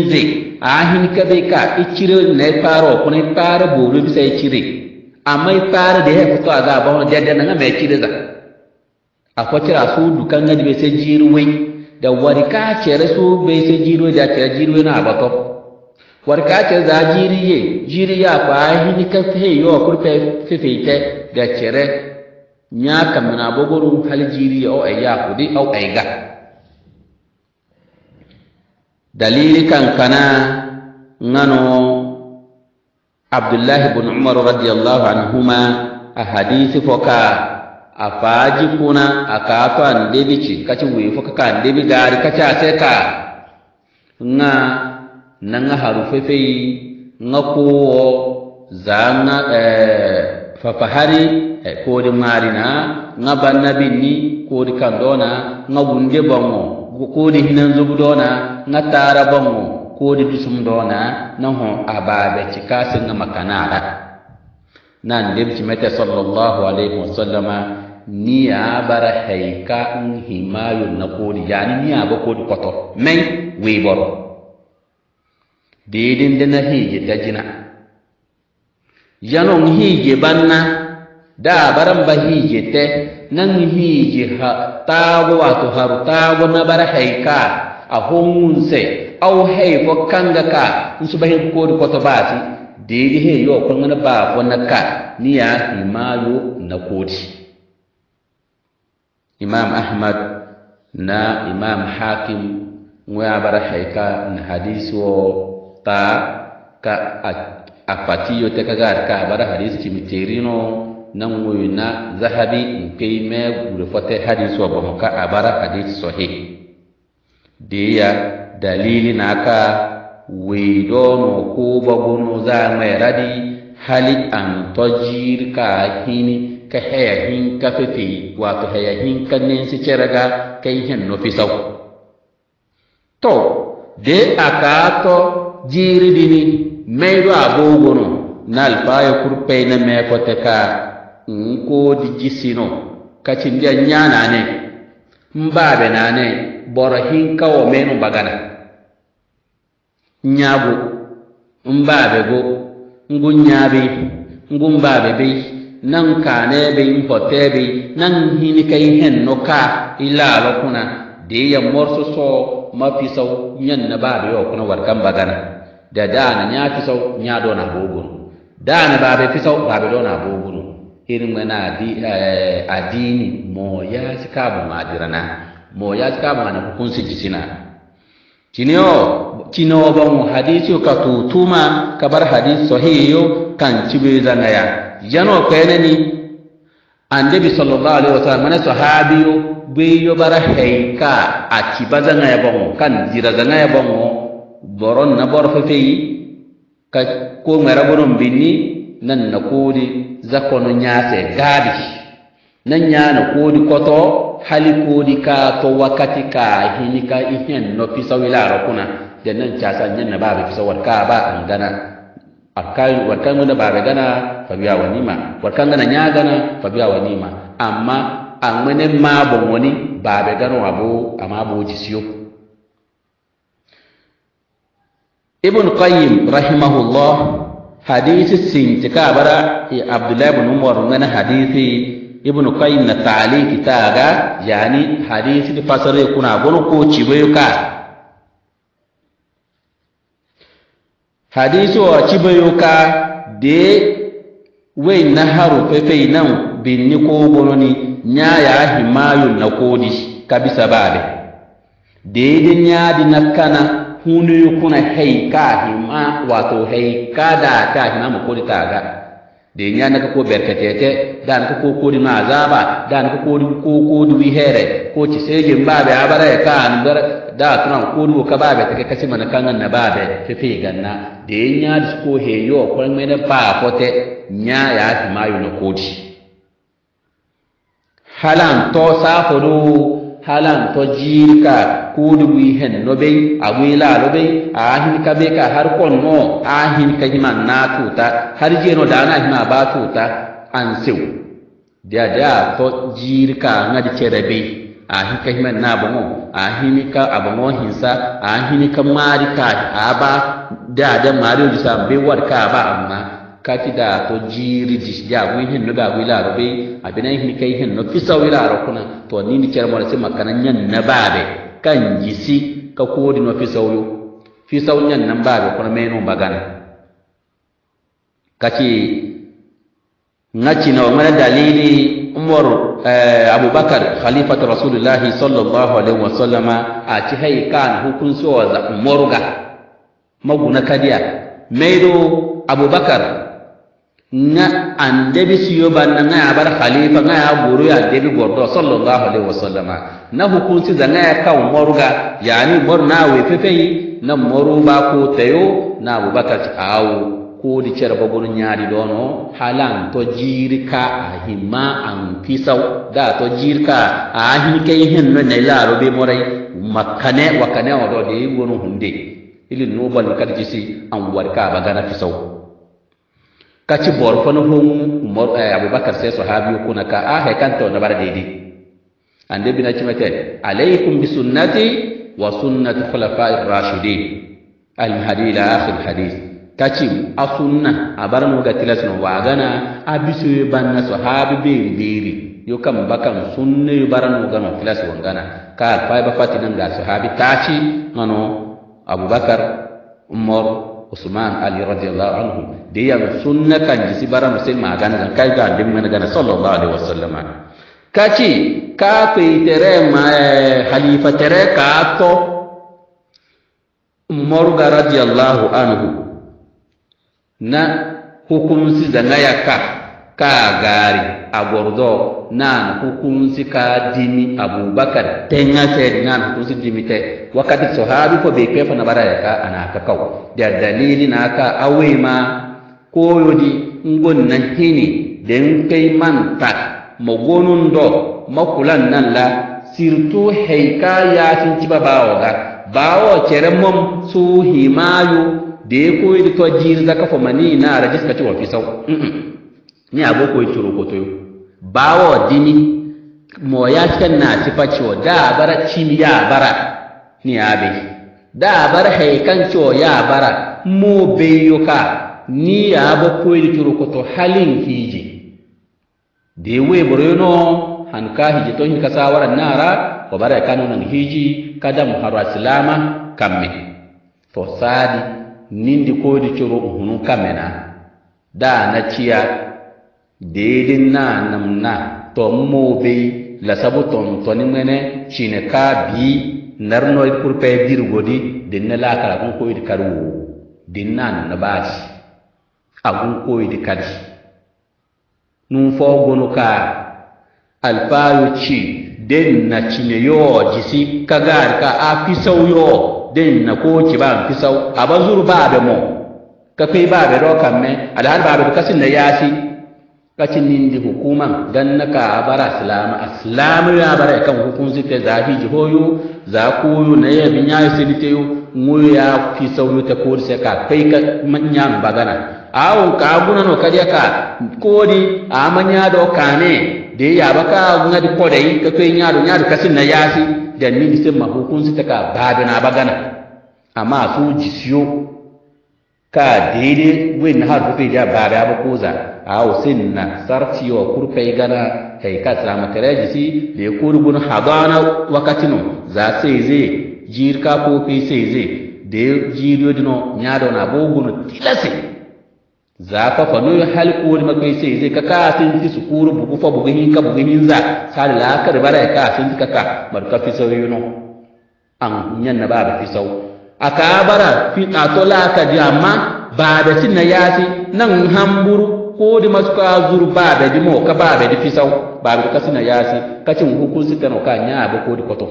nze ahin ka zai ka ichiro na paro kuna paro bobe bisa ikire amma fara da ya fito a za ba wani jaddan na mai ikire za a kwacira su dukan gani bai sai jirwai da k'a cere su bai sai jirwai da cere jirwai na abato k'a cere za jiri ya kwa ahin ka sai yo kurfe fifite da cere nya kamna bogorun hal jiriye o ayya kudi o ayga dalili kankana ŋano abdullahi Umar radiyallahu anhu anhuma a hadisi fo ka a faaji kuna a kaa to an debici kaci wii fo ka kan debi kaci a se ka na nga haru fefeyi nga kuwo eh, fafahari eh, koodi ŋmaari na ŋa banna binni koodi kandoo na ŋa wunde kodi hinan zubu dona nga tara bango kodi dusum dona na ho ababe cika singa makanara nan debci mete sallallahu alaihi wasallama ni ya bara haika in himayo na kodi yani ni ya ba kodi kwato mai weboro dedin da na hije ta jina yanon hije banna da baran ba hije te nan hije ha to har ta go na bar haika a hon se au hai fo kanga ka in su bahin ko ko to ba ti de he yo ko na ba ko na ka ni ya himayo na kodi imam ahmad na imam hakim ŋoya bar haika na hadisi wo ta ka a fatiyo te kagar ka bara hadisi cimi terino nan woyu na zahabi nkei me gure fote hadisi wa bara hadisi hadis sahih deya dalili na aka weido no ko gono za mai radi hali an tojir ka hini ka haya hin ka fefe wato haya ka nensi ceraga kai hin no fisau to de aka to jiri dini meido abogono na alfaya kurpe na ka. nkodi jisino kacindiya ñanane mbaɓe nane boro hinkawo menu bagana ñagu mbaɓe go ngu ñaɓey ngu mbaɓe bey nan kanebey npotebey nan hini hinikay henno ka ilalo kuna deya morso so mafisaw ñanna baɓe yo kuna war kam bagana da dana ña fisaw ña dona bogun dana baɓe fisaw baɓe dona bogun irin mana eh, adini mo ya sikabu ma adirana mo ya sikabu ana hukunsi jisina kinio kino ba mu hadisi ka tutuma bar hadisi sahiyo kan cibe ne yano ande annabi sallallahu alaihi wasallam mana sahabiyo yo bara heika a ci ba kan jira ya ba boron na bor yi ka ko ngara boron binni nan na kodi zakono nyase gadi nan nya na kodi koto hali kodi ka to wakati ka hini ka ihen no pisawila kuna da nan casa nyen na babe pisawar ka ba an gana arkai warkan wanda ba gana fa wani ma nima warkan gana nya gana fa wani ma nima amma amene ma bo woni ba gana wabo amma bo jisiyo ibn qayyim rahimahullah hadisi sinti ka bara abdullahi ibn umar ngana hadisi ibn qayyim na ta'aliki taga yani hadisi di fasare kuna gono ko cibayo ka hadisi wa cibayo ka de wai na haru fefe nan binni ko gono ni nya ya himayun na kodi kabisa babe de de nya di kuni kuna haika hima wato haika da ta hima mu kodi ta ga da nya naka ko berkatete da naka ko kodi ma zab'a da naka ko ko kodi wi here ko ci seje mbabe abara ka an bar da tunan ko du ka babe take kace mana kan na babe fi fi ganna da nya disko heyo ko mai na ba te nya ya hima yu no kodi halan to sa fodo halan to jirka kudu wi hen no be agui la lo be a hin ka be ka har kon no a hin ka himan na tuta har je no dana hima ba tuta an sew dia dia to jirka ngadi cere be a hin ka himan na bongo a hin ka abongo hinsa a hin ka marika ka aba da da mari sa be war ka ba amma kafida to jiri jisja wi hin no ga wi la rubi abina hin kai hin no fisa wi la ro kuna to ni ni cer mo se makanan nyan na babe kan jisi ka ko di no fisa wi fisa nyan nan babe kuna meno bagana kaci ngaci na ngana dalili umar eh, abubakar khalifatu rasulillahi sallallahu alaihi wasallam a ci hay kan hukunsu wa za umaruga maguna kadiya maido abubakar nga an debi siyo ba na? nga abar khalifa nga ya guru ya debi gordo sallallahu alaihi wasallam na hukunci da nga ya ka moruga yani mor na we yi, na moru ba ko tayo na abubakar awu ko di ba gurun nyaari dono halan to jirka ahima an pisau da to jirka ahin kai hin no ne la be morai makane wakane odo de gurun hunde ilin nobal kadjisi an warka na fisau kaci bor fana hon umar eh, abubakar sai sahabi kuna ka a ah, hay kanto na bar daidai ande bina cimete alaikum bi sunnati wa sunnati khulafa'ir rashidin al hadith la, akhir hadith kaci a sunna a bar mu ga tilas no wagana a e ban na sahabi be biri yo kam bakan sunne bar e baran mu ga no tilas wangana ka fa ba fati ga sahabi taci ngano abubakar umar usman ali radiyallahu anhu de yan sunna kan ji si bara musai magana kan kai ga din mana gana sallallahu alaihi wasallama kaci ka pe tere ma halifa tere ka to umar radiyallahu anhu na hukum si zanaya ka kaagaari agordo naan ku kunsi kaa dimi abubakar teŋŋaseedi naan ku kunsi dimite wakati sohaabi fo be kee fo nabaraye kaa a naa ka kaw der dalili naa kaa a wayma kooyodi ngon na hini den key man tak mo gonun do ma kulan nan la surtout hey kaa yaasin ciba baawoga baawo cere mom suu himaayu de kooyodi to jiirda ka fo ma nii naara jiska ci wo fisaw ní àkókò ìtòrò koto bawo dini mo ya kenna tifacho da bara chimi ya bara ni abe da bara haikancho ya bara mo ka ni ya bo ko ìtòrò koto halin hiji de we han ka hiji to hin sawara nara ko bara kanu nan hiji kadam salama kamme to sadi nindi ko di coro hunu kamena da na ciya deede na nam na tɔm moo be la sabu tɔm tɔni ka bi, kaa bii narnɔ kurpɛ dirgo di den na laa kala kun koyidi kari wo den naa nam na baasi a kun koyidi kari nun fɔ gonu kaa alfaayo ci den na cine yoo jisi ka gaari ka a fisaw yo den na ko ci fi fisaw a ba zuru baa bɛ mɔ ka kpee ba bɛ dɔɔ kan mɛ alahari b'a bɛ kasin na yasi kacinindi hukuman ganna ka bara silama asilamu ya bara kan hukunsi te za ji hoyo za koyo na ya binya ya dite te mu ya fi sauru ta sai ka kai ka manya bagana awon ka guna no kariya ka kodi a manya do kane da ya baka guna di dai ka kai nya nyaro kasin na yasi d'an ni sai ma hukunsi ta ka badana bagana amma su jisiyo ka dede wen har rupe ja bare aba koza aw sinna sarti wa kurfai gana kai ka sama kareji si le kurgun hadana wakatinu za seize jir ka ko pe seize de jiro dino nyado na bogun tilase za ka fa no hal ko ma kai seize ka ka sin ti kuru bugu fa bugu hin ka bugu hin za sal la kar bare ka sin ka ka mar ka fi no an nyanna baba fi sau. akabara fi atola ka di amma ba da sin na yasi nan hamburu ko di masuka zuru ba da di mo ka ba da di fisau ba da ka sin na yasi ka cin hukun sita no ka nya ba ko di koto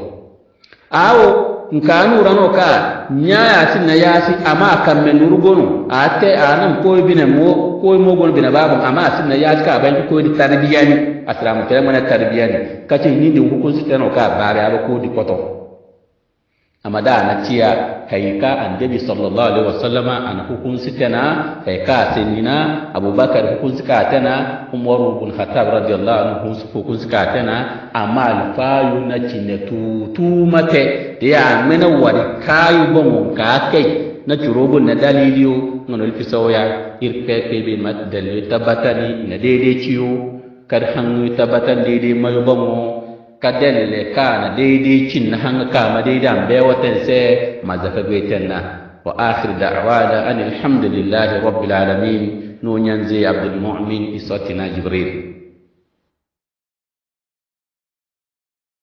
awo nka nura no ka nya ya sin na yasi amma kan men nuru gonu ate anan ko ne mo ko mo gonu bina ba amma sin na yasi ka ban ko di ni. asalamu tare mana ni. ka cin ni di hukun sita no ka ba da ba ko di koto amma da na ciya kaika annabi sallallahu alaihi wasallama an kai ka senina abubakar hukunsikatana umaru bun khattab radiyallahu anhu hukunsikatana amma fayu na cine tutumate da ya mena wari kayu bangon ka kai na curobun na daliliyo ngano ilfi sauya irpe pebe ma dalili tabbatani na daidai ciyo kar hanu tabbatan daidai mayu bangon ka delle na daidai cin na hanga dai-dai daidai bai watan sai mazaka gaitan na wa akhir da'wana alhamdulillahi rabbil alamin nun yanzu abdul mu'min isatina jibril